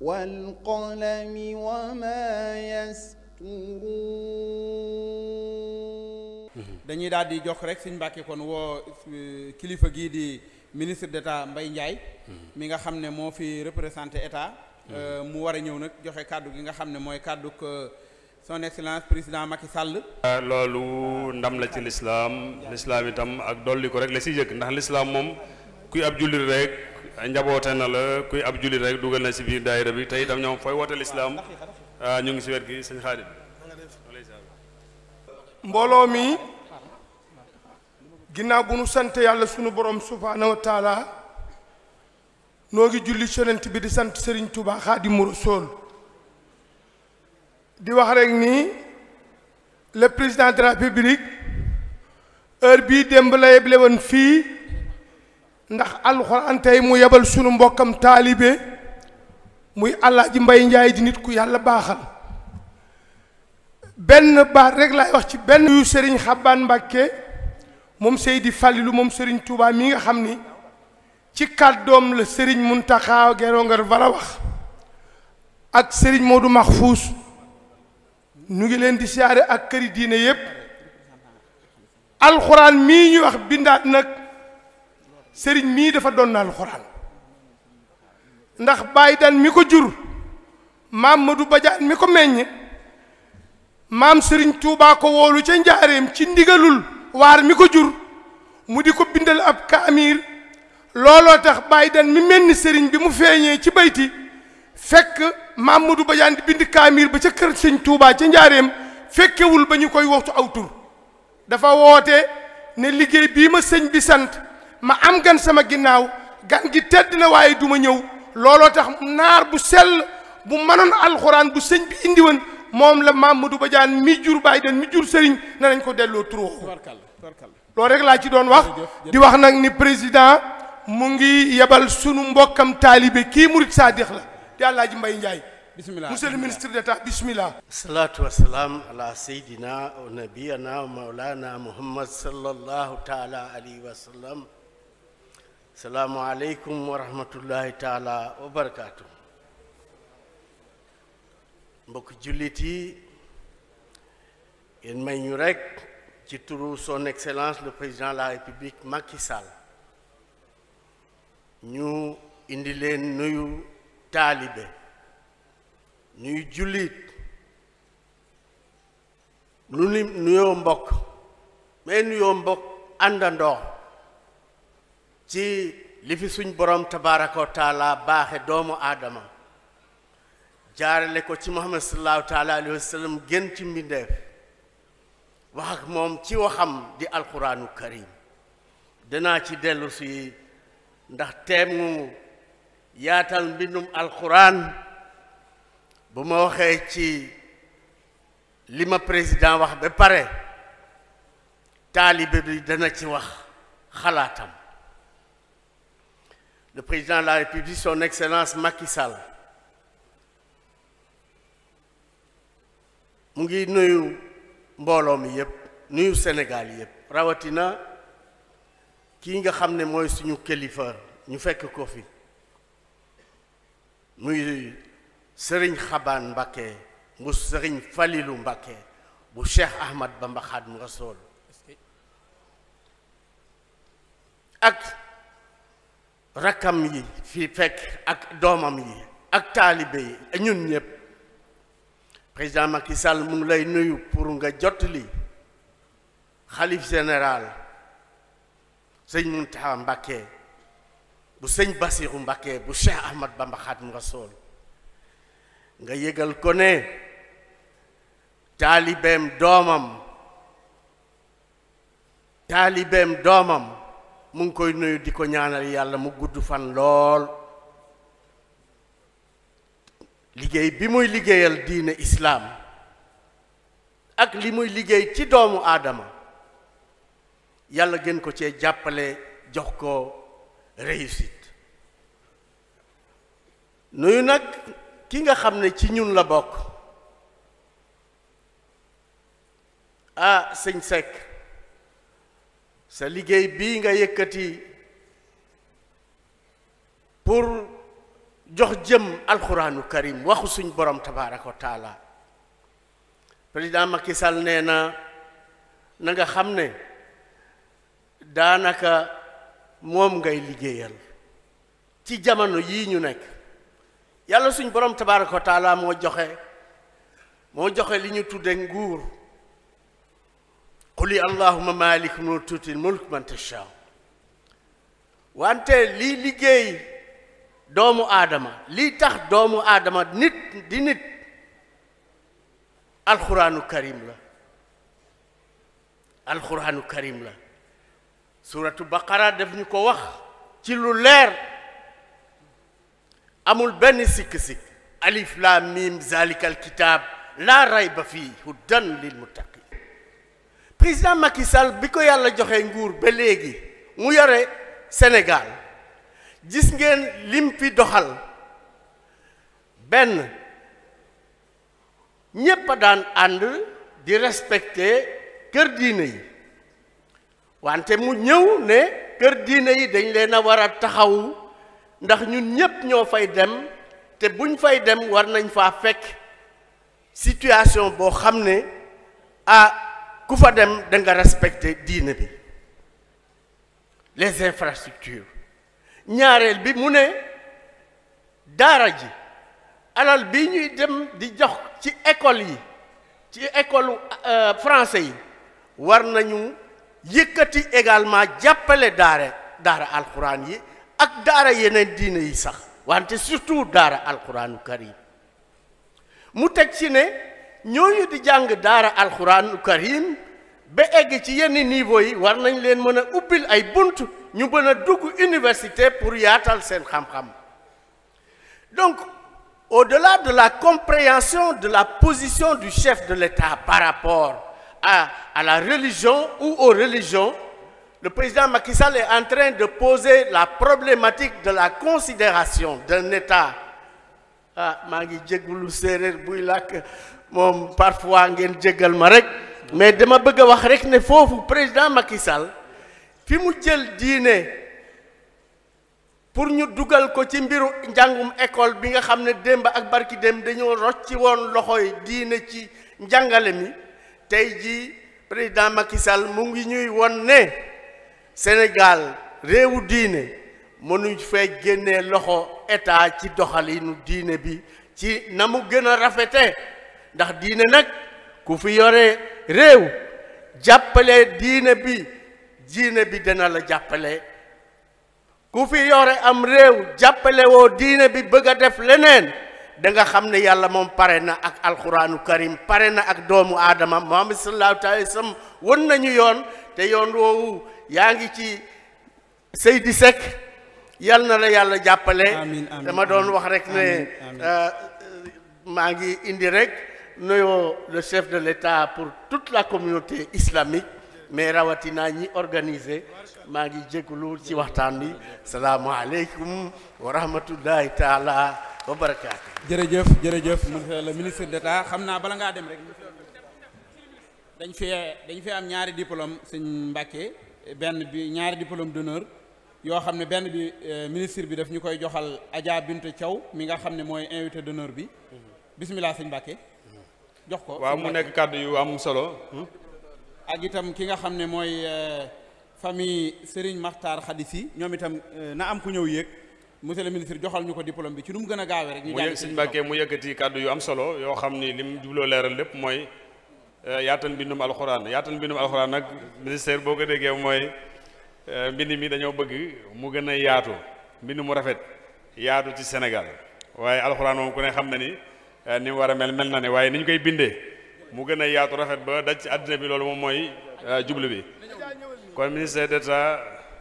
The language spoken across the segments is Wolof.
والقلم وما يسطرون dañuy daal di jox rek suñ Mbàkke kon woo kilifa gii di ministre d'État mbay Ndiaye mi nga xam ne moo fi représenté état hmm. mu war a ñëw nag joxe kàddu gi nga xam ne mooy kàddu son excellence président Macky Sall. loolu ndam la ci lislaam lislaam itam ak dolli ko rek la si yëg ndax lislaam moom kuy ab jullit rek njaboote na la kuy ab jullit rek dugal na si biir daayira bi te itam ñoom fooy woote lislaam ah, ñu ngi si wet gi sëñ Xaadim mbooloo mi ginnaaw bu nu sant yàlla suñu borom subhaanahu wa taala noo ngi julli yonent bi di sant Serigne Touba Xaadimu Rasuul di wax rek ni le président de République heure bii démb la yeble fii ndax alxuraan tey mu yebal sunu mbokkam taalibe muy ji Mbay Njaay di nit ku yàlla baaxal benn baat rek laay wax ci benn yu sëriñ Xabbaan Mbàkke moom Seydi lu moom sëriñ Tuubaa mi nga xam ni ci kàddoom la sëriñ mun Muntaxa Gerongar a wax ak sëriñ Moodu Maxfuus ñu ngi leen di siyaare ak këri diine yépp alxuraan mii ñuy wax bindaat nag sëriñ mii dafa doon na alxuraan ndax bàyyi daan mi ko jur maam Madou Badiane mi ko meññ maam sëriñ Touba ko woolu ca njaareem ci ndigalul waar mi ko jur mu di ko bindal ab kaamir looloo tax bàyyi daan mi mel ni sëriñ bi mu feeñee ci bayti fekk maam Madou Badiane di bind kaamir ba ca kër sëriñ Touba ca njaareem fekkewul ba ñu koy waxtu aw tur dafa woote ne liggéey bii ma sëñ bi sant ma am gan sama ginnaaw gan gi tedd na waaye du ma ñëw looloo tax naar bu sell bu mënoon alxuraan bu sëñ bi indi woon moom la Mamadou Badiane mi jur bàyyi den mi jur sëriñ na nañ ko delloo turu loolu rek laa ci doon wax di wax nag ni président mu ngi yebal sunu mbokkam taalibe kii murit saadix la di Alaaji Mbay Njaay bismillah monsieur le ministre d'état bismillah salaatu wassalaam ala seydina wa nabiyana mawlana muhammad sallallahu taala alayhi wa salaamualeykum wa rahmatullahi taala wa barakaatu mbokk jullit yi yéen may ñu rekk ci turu son excellence le président la république Macky Sall ñu indi leen nuyu taalibe nuyu jullit lu ni nuyoo mbokk mais nuyoo mbokk àndandoo ci li fi suñ borom tabaraka wa taala baaxe doomu aadama jaarale ko ci muhammad sallallahu taala alayhi wa sallam gën ci mbindeef wax ak moom ci waxam di alquraanu karim danaa ci dellu si ndax teemu yaatal mbindum alquran bu ma waxee ci li ma président wax ba pare taalibe bi dana ci wax xalaatam le président de la République, son Excellence Macky mu ngi nuyu mbooloo mi yëpp nuyu Sénégal yëpp rawatina kii nga xam ne mooy suñu kilifa ñu fekk ko fi muy sëriñ Xabaan Mbakke bu sëriñ Falilu Mbakke bu Cheikh Ahmad Bamba Xaadimu Rasuul ak rakkam yi fii fekk ak doomam yi ak taalibe yi ñun ñëpp président Macky Sall mu ngi lay nuyu pour nga jotli li xalif général sëñ Muntaxa Mbàkke bu sëñ Basiru Mbàkke bu Cheikh Ahmad Bamba Xaadimu Rasuul nga yëgal ko ne taalibeem doomam taalibeem doomam mu ngi koy nuyu di ko ñaanal yàlla mu gudd fan lool liggéey bi muy liggéeyal diine islaam ak li muy liggéey ci doomu aadama yàlla gën ko cee jàppale jox ko réussite nuyu nag ki nga xam ne ci ñun la bokk ah sëñ Seck sa liggéey bii nga yëkkati pour jox jëm alxuraanu karim waxu suñ borom tabaaraka wa président Macky Sall nee na na xam ne daanaka moom ngay liggéeyal ci jamono yii ñu nekk yàlla suñ borom tabaaraka wa taala moo joxe moo joxe li ñu tudde nguur quli allahuma malik mulk tuutil mulk man tashaa wante lii liggéey doomu aadama lii tax doomu aadama nit di nit alquraanu karim la alquraanu karim la suratu baqara daf ñu ko wax ci lu leer amul benn sikk-sikk alif lam mim zalika alkitab laa rayba fii hudan lil muttaqin président Macky Sall bi ko yàlla joxe nguur ba léegi mu yore Sénégal gis ngeen lim fi doxal benn ñépp a daan ànd di respecter kër diine yi wante mu ñëw ne kër diine yi dañ leen a war a taxawu ndax ñun ñépp ñoo fay dem te buñ fay dem war nañ faa fekk situation boo xam ne ah ku fa dem da nga respecter diine bi les infrastructures ñaareel bi mu ne daara ji alal bi ñuy dem di jox ci école yi ci école euh, français yi war nañu yëkkati également jàppale daara daara alxuraan yi ak daara yeneen diine yi sax wante surtout daara alxuraanu karim mu teg ci ne ñooñu di jàng daara alxuraanu karim ba egg ci yenn niveau yi war nañ leen mën a ubbil ay bunt ñu mën a dugg université pour yaatal seen xam donc au-delà de la compréhension de la position du chef de l'État par rapport à, à la religion ou aux religions, le président Macky Sall est en train de poser la problématique de la considération d'un État. Ah, maa ngi lu séeréer buy lak moom parfois ngeen jéggal ma rek mais dama bëgg a wax rek ne foofu président Macky Sall fi mu jël diine pour ñu dugal ko ci mbiru njàngum école bi nga xam ne démb ak barki démb dañoo rocci woon loxoy diine ci njàngale mi tey ji président Macky Sall mu ngi ñuy won ne Sénégal réewu diine mënuñ fee génnee loxo état ci doxalinu diine bi ci na mu gën a rafete ndax diine nag ku fi yore réew jàppale diine bi diine bi dana la jàppale ku fi yore am réew jàppale woo diine bi bëgg a def leneen danga xam ne yàlla moom pare na ak alxuraanu karim pare na ak doomu aadama muhammad sallallahu alayhi wa sallam won nañu yoon te yoon woowu yaa ngi ci Seydi Seck yal na la yàlla jàppale dama doon wax rek ne euh, maa ngi indi rek nuyoo le chef de l'État pour tout la communauté islamique mais rawatina ñi organisé maa ngi jégalu ci waxtaan bi salaamaaleykum wa rahmatullahi taala wa barakaatu. jërëjëf jërëjëf monsieur le ministre d'État xam naa bala ngaa dem rek dañ fi dañ fi am ñaari diplôme sëñ Mbacke benn bi ñaari diplôme d'honneur yoo xam ne benn bi euh, ministre bi daf ñu koy joxal Adja Binte Thiaw mi nga xam ne mooy invité d'honneur bi mhm. bismillah sëñ Mbacke. jox ko waaw mu nekk kàddu yu am solo hmm? ak itam ki nga xam ne mooy eh, famille Serigne Makhtar si ñoom itam eh, na am ku ñëw yéeg monsieur le ministre joxal ñu ko diplôme bi ci nu mu gën a gaawee rek. ñu jàll si mu yëkkati kàddu yu am solo yoo xam ni mu jubloo leeral lépp mooy eh, yaatal mbindum alxuraan yaatal mbindum alxuraan nag ministère boo ko déggee mooy mbind mi dañoo bëgg mu gën a yaatu mbind mu rafet yaatu ci Sénégal waaye alxuraan moom ku ne xam na ni. Eh, ni war a mel mel na ne waaye ni ñu koy bindee mu gën a yaatu rafet ba daj ci àddina bi loolu moom mooy eh, jublu bi kon ministère d'État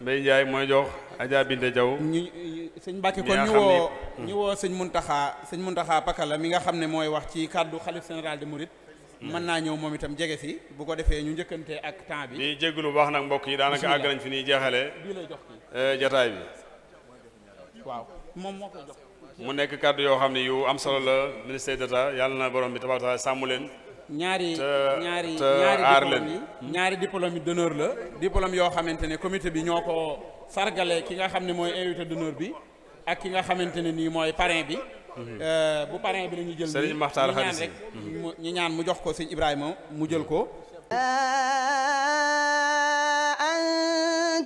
Mbaye Ndiaye mooy jox Adja Binde Diaw ñu sëñ Mbacke kon ñu woo ñu woo sëñ Muntaxa sëñ Muntaxa mi nga xam ne mooy wax ci kàddu xalif général de Mouride mën naa ñëw moom itam jege si bu ko defee ñu njëkkante ak temps bi di jégalu baax nag mbokk yi daanaka àgg nañ fi ñuy jeexale bii lay jox ki eh, jataay bi waaw moom moo koy jox mu nekk kàddu yoo xam ne yu am solo la ministère d'État yàlla na borom bi tabax taala sàmm leen. ñaari ñaari ñaari diplôme yi ñaari diplôme yi d'honneur la. diplôme yoo xamante ne comité bi ñoo ko sargale ki nga xam ne mooy invité d'honneur bi ak ki nga xamante ne nii mooy parrain bi. Mhm. Euh, bu parrain bi la ñu jël. Serigne Makhtar Hadj ñi mhm. ñu ñaan mu jox ko sëñ Ibrahima mu jël ko. Euh,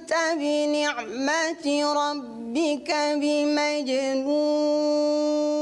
كنت بنعمة ربك بمجنون